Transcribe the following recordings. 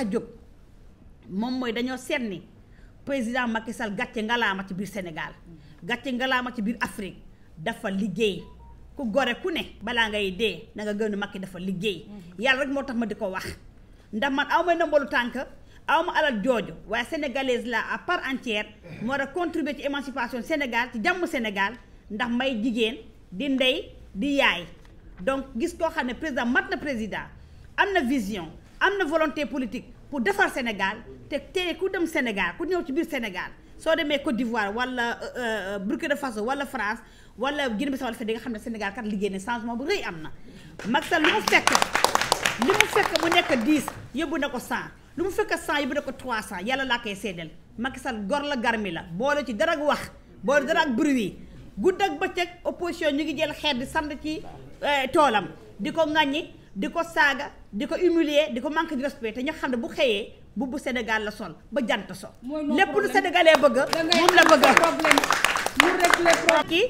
a jóg moom mooy dañoo seet ni président Macky sal gàcce ngalaama ci biir Sénégal gàcce ngalaama ci biir Afrique dafa liggéey ku gore ku ne balaa ngay dee na nga gën Macky dafa liggéey yàlla rek moo tax ma di ko wax ndax man aw ma tànk aw ma alal jooju waaye sénégalaise la à part entière moo war a contribuer ci émancipation Sénégal ci jàmm Sénégal ndax may jigéen di ndey di yaay donc gis koo xam ne président mat na président am na vision am na volonté politique pour defar Sénégal te tey ku dem Sénégal ku ñëw ci biir Sénégal soo demee Côte d'Ivoire wala euh, euh, Burkina Faso wala France wala Guinée-Bissau wala fee di nga xam ne Sénégal kat liggéey ne changement bu rëy am na. Macky Sall lu mu fekk li mu fekk mu nekk 10 yóbbu na ko 100 lu mu fekk 100 yóbbu na ko 300 yàlla laa koy seedeel Macky Sall gor la garmi la boole ci dara ak wax boole dara ak bruit gudd ak bëccëg opposition ñu ngi jël xeet di sànni ci euh, toolam di ko ŋàññi di ko saaga. di ko humilier di ko manque de respect te ñoo xam ne bu xëyee bu bu Sénégal la sol ba jant so lépp lu sénégalais bëgg moom la bëgg problème mu régler problème ki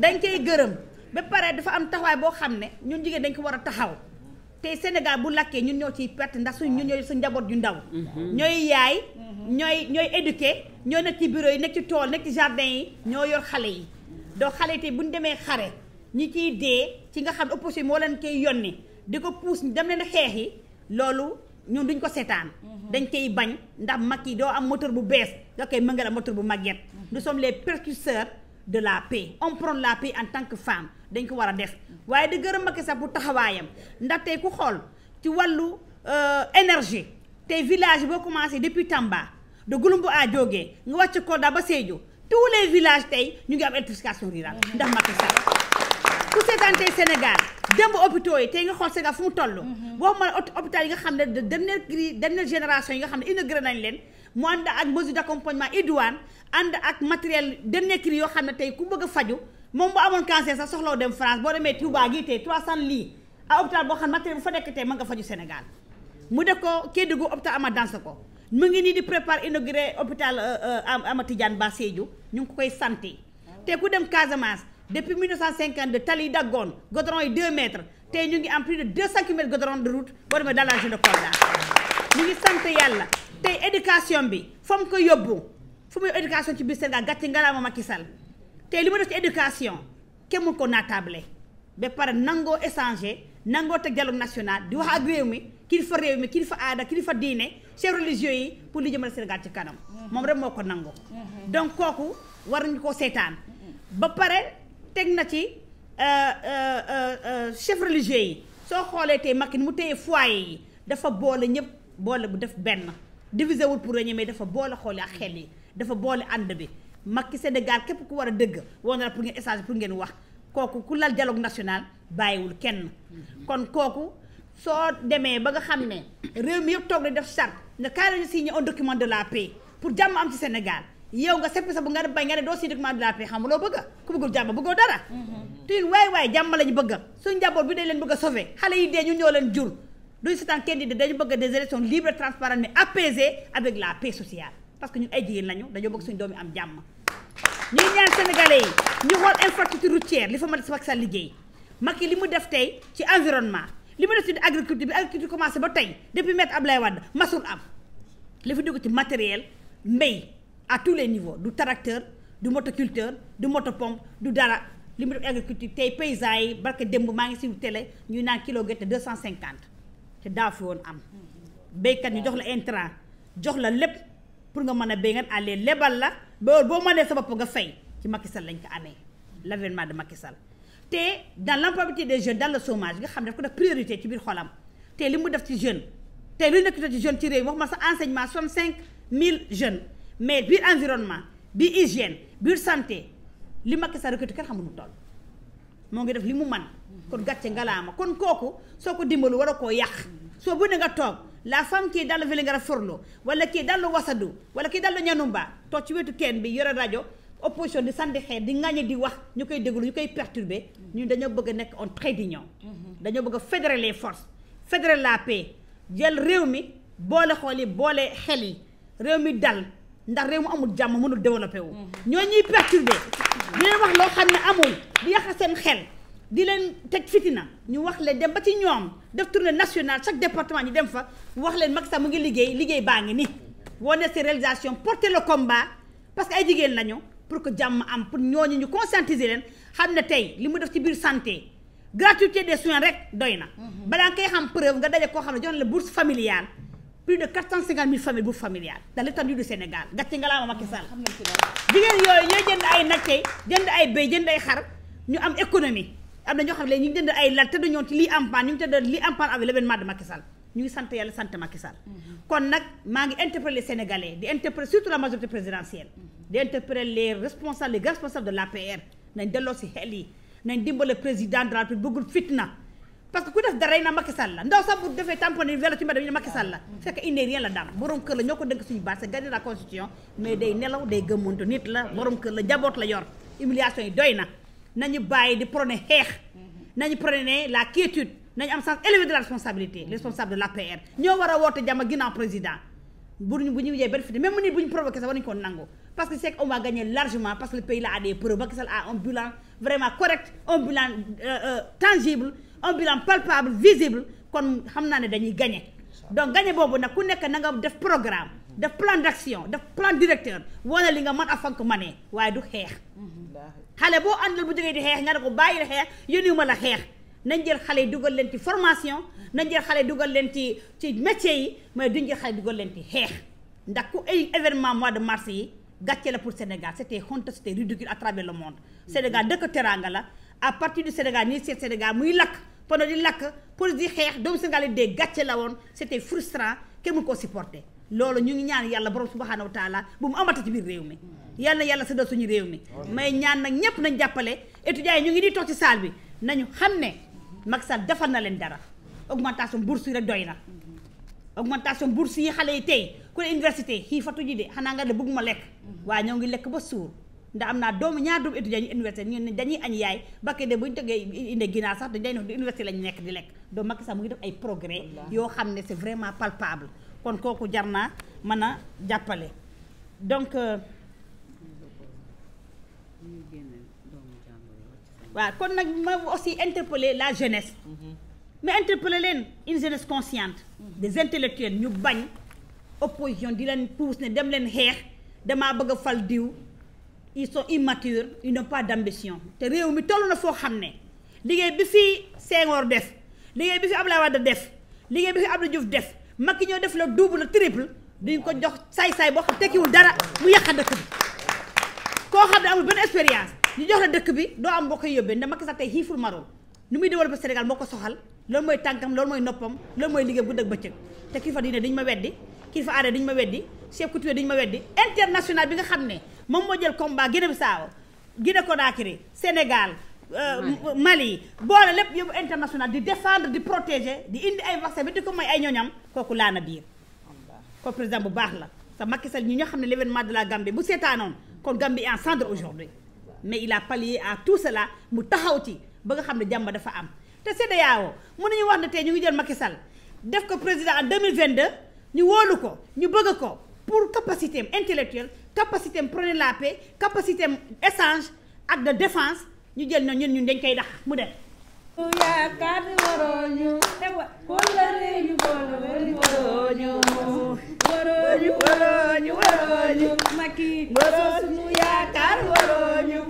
dañ koy gërëm ba pare dafa am taxawaay boo xam ne ñun jigéen dañ ko war a taxaw te Sénégal bu lakkee ñun ñoo ciy perte ndax suñ ñun ñooy sa njaboot yu ndaw mhm. ñooy yaay mhm. ñooy ñooy éduqué ñoo nekk ci bureau yi nekk ci tool nekk ci jardin yi ñoo yor xale yi doo xale yi te bu ñu demee xare ñi ciy dee ci nga xam ne moo leen koy yónni di ko puus dem leen xeex yi loolu ñun duñ ko seetaan. Mhm. dañ koy bañ ndax mag yi doo am moteur bu bees nga koy mëngal am moteur bu màgget. Mhm. nous sommes les précurseurs de la paix on prend la paix en tant que femme dañ ko war a def mhm. waaye di gërëm Macky sax bu taxawaayam ndax tey ku xool ci wàllu euh, énergie tey village boo commencé depuis Tamba de Gouloumbou à Diogué nga wàcc Kolda ba Sédhiou tous les villages tey ñu ngi am électrification rurale ndax Macky Sall ku seetaante Sénégal démb hôpitaux yi tey nga xool Sénégal fu mu toll mhm. boo ma hôpital yi nga xam ne de dernière cri dernière génération yi nga xam ne inauguré nañ leen mu ànd ak mesure d'accompagnement idoine ànd ak matériel dernier cri yoo xam ne tey ku bëgg a faju moom bu amoon cancer sax soxlaw dem France boo demee Touba gii tey 300 lits a hôpital boo xam ne matériel bu fa nekk tey mën nga faju Sénégal mu def ko Kédougou hôpital Amath Dansokho ngi nii di préparer inauguré hôpital euh, euh, Amath Tidiane Ba Sédhiou ñu ngi ko koy santé oh. te ku dem Casamance depuis 1950 de tali daggoon goudron yi 2 mètres tey ñu ngi am plus de 200 kilomètres goudron de route boo demee dans la région de Kolda ñu tey éducation bi fa mu ko fu muy éducation ci biir Sénégal gàcce ngalaama Macky Sall tey li ma def ci éducation kenn mu ko naataable ba pare nangoo échanger nangoo teg dialogue national di wax ak réew mi fa réew mi kilifa aada kilifa diine chefs religieux yi pour li jëmale Sénégal ci kanam moom rek moo ko nangoo mm-hmm. donc kooku war nañu koo seetaan ba pare. teg na ci euh, euh, euh, chef religieux yi soo xoolee tey Macky mu téye foyer yi dafa boole ñëpp boole bu def benn divisé wul pour régner mais dafa boole xoolee yi ak xel yi dafa boole ànd bi Macky Sénégal képp ku war a dëgg woon na pour ngeen échange pour ngeen wax kooku ku lal dialogue national bàyyiwul kenn kon kooku soo demee ba nga xam ne réew mi yëpp toog la def charte ne kaay la ñu signé un document de la paix pour jàmm am ci Sénégal yow nga seppi sa bu nga bañ nga ne doo si document de la paix xam bëgg ku bëggul mm-hmm. waay waay jàmm lañu bëgg suñu njaboot bi dañ leen bëgg a sauver xale yi dee ñu ñoo leen jur duñu seetaan kenn di dañu bëgg des élections libres transparentes mais apaisées avec la paix sociale parce que ñun ay jigéen nañu dañoo bëgg suñu doom yi am jàmm ñuy ñaan sénégalais yi ñu xool infrastructure routière li fa ma Macky Sall liggéey mag yi li mu def tey ci environnement li mu def ci agriculture bi agriculture commencé ba tey depuis maître Abdoulaye Wade masul am li fi dugg ci matériel mbay à tous les niveaux du tracteur du culture du moto motopompe du dara li mu def agriculture tey paysans yi barke démb maa ngi suivre télé ñuy naan kilo gerte deux cent cinquante te daa fi woon am baykat ñu jox la intrant jox la lépp pour nga mën a béy nga àllee lebal la ba boo mënee sa bopp nga fay ci Macky Sall lañ ko amee l'avènement de Macky Sall te dans l'employabilité des jeunes dans le chômage nga xam ne daf ko def priorité ci biir xolam te li mu def ci jeune te lu nekk ci jeune ci réew mi wax ma sa enseignement mille jeunes mais biir environnement biir hygiène biir santé li Macky Sall rekkatu kenn xamul mu toll moo ngi def li mu man kon gàcce ngalaama kon kooku soo ko dimbalu war a koo yàq soo bu ne nga toog la femme kii dallu Vélingara forlo wala kii dallu Wassadou wala kii dallu Ñanumba toog ci wetu kenn bi yore rajo opposition di sandi xeet di ŋàññe di wax ñu koy déglu ñu koy perturber ñu dañoo bëgg a nekk on di d'union dañoo bëgg a fédérer les forces la paix jël réew mi boole xool yi boole yi réew mi dal ndax réew mu amul jàmm mënul développé wu. ñoo ñuy perturbé di leen wax loo xam ne amul di yàq seen xel di leen teg na ñu wax leen dem ba ci ñoom def tournée national chaque département ñu dem fa wax leen Macky Sall mu ngi liggéey liggéey baa ngi ni woo ne ses réalisations porter le combat parce que ay jigéen lañu pour que jàmm am pour ñooñu ñu conscientiser leen xam ne tey li mu def ci biir santé gratuité des soins rek doy na. Mm-hmm. balaa ngay xam preuve nga daje koo xam ne jox na la bourse plus de 450 000 familles bu familiales dans l'étendue du Sénégal gàcce nga laa ma Macky Sall jigéen yooyu ñooy jënd ay nag tey jënd ay béy jënd ay xar ñu am économie am na ñoo xam ne ñu jënd ay lal te dañoo ci lii am paan ñu ngi tëdd lii am paan avec l'événement de Macky Sall ñu ngi sant yàlla sant Macky Sall mhm. kon nag maa ngi interpellé les Sénégalais di interpellé surtout la majorité présidentielle di interpellé les responsables les grands responsables de l'APR nañ nañ parce que ku def dara yi na Macky Sall la ndaw sax bu defee tamponné vélo ci mbedd la mm. fekk il n'est la dara borom kër la ñoo ko dënk suñu baat c'est gardien la constitution mais day nelaw day gëmmantu nit la borom kër la jaboot la yor humiliation yi doy na nañu bàyyi di prôné xeex mm-hmm. nañu prôné la quiétude nañu am sens élevé de la responsabilité mm-hmm. responsable de l'APR ñoo war a woote jàmm ginnaaw président buñu bu ñu yee benn fiti mu nit sax war nañu ko nangu parce que c'est qu'on va gagner largement parce que le pays là a des un bilan palpable visible kon xam naa ne dañuy gagné donc gagné boobu nag ku nekk na def programme def plan d'action def plan directeur wane li nga mën a fank manee waaye du xeex xale boo àndal bu jógee di xeex nga ne ko bàyyil xeex ma la xeex nañ jël xale yi dugal leen ci formation nañ jël xale yi dugal leen ci ci métier yi mais duñ jël xale yi dugal leen ci xeex ndax ku ay événement mois de mars yi gàcce la pour Sénégal c'était honte c'était ridicule à travers le monde Sénégal dëkk teraanga la à partir Sénégal nii seet Sénégal muy lakk pono di lakk police di xeex doomu nga de gàcce la woon c'était frustrant kenn mu ko supporté loolu ñu ngi ñaan yàlla borom subhanahu wa taala bu mu amata ci biir réew mi yal yàlla yàlla séddal suñu réew mi may ñaan nag ñépp nañ jàppale étudiants yi ñu ngi di toog ci salle bi nañu xam ne Macky Sall defal na leen dara augmentation bourse yi rek doy na augmentation bourse yi xale yi tey ku ne université xii fatu ji de xanaa nga de bëgguma lekk waaye ñoo ngi lekk ba suur ndax am naa doomu ñaar doomu étudiant ñu université ñu ne dañuy añ yaay bakke de buñu tëggee inde ginaar sax dañ day di université lañu nekk di lekk donc Macky Sall mu ngi def ay progrès yoo xam ne c'est vraiment palpable kon kooku jar naa mën a jàppale donc euh, waaw kon nag ma aussi interpeller la jeunesse mhm. mais interpeller leen une jeunesse consciente mhm. des intellectuels ñu bañ opposition di leen pousse ne dem leen xeex damaa bëgg a fal diw ils sont immatures ils n'ont pas d'ambition te réew mi toll na foo xam ne liggéey bi fi Senghor def liggéey bi fi Abdoulaye Wade def liggéey bi fi Abdou Diouf def ki ñoo def la double la triple duñ ko jox saay-saay boo xam tekkiwul dara mu yàqa dëkk bi koo xam ne amul benn expérience ñu jox la dëkk bi doo am boo koy yóbbee ndax Macky sax tey xiiful maroo nu muy développé Sénégal moo ko soxal loolu mooy tànkam loolu mooy noppam loolu mooy liggéey bu dëgg bëccëg te kilifa diine duñ ma weddi kilifa aada duñ ma weddi chef coutumier duñ ma weddi international bi nga xam ne moom moo jël combat Guinée ko Guinée Conakry Sénégal euh, Mali boole lépp yóbbu international di défendre di protéger di indi ay vaccin bi di ko may ay ñooñam kooku laa na biir ko président bu baax la sa Macky Sall ñi ñoo xam ne l'événement de la Gambie bu seetaanoon kon Gambie en cendre aujourd'hui mais il a pallié à tout cela mu taxaw ci ba nga xam ne jàmm dafa am te CEDEAO mën nañu wax ne tey ñu ngi jël Macky Sall def ko président en 2022 ñu wóolu ko ñu bëgg ko pour capacité am capacité am prôner la paix capacité am échange de défense ñu jël na ñun dañ koy dax mu dem. yaakaar waroo ñu wallare ñu ñu waroo ñu waroo ñu waroo ñu makki waroo yaakaar waroo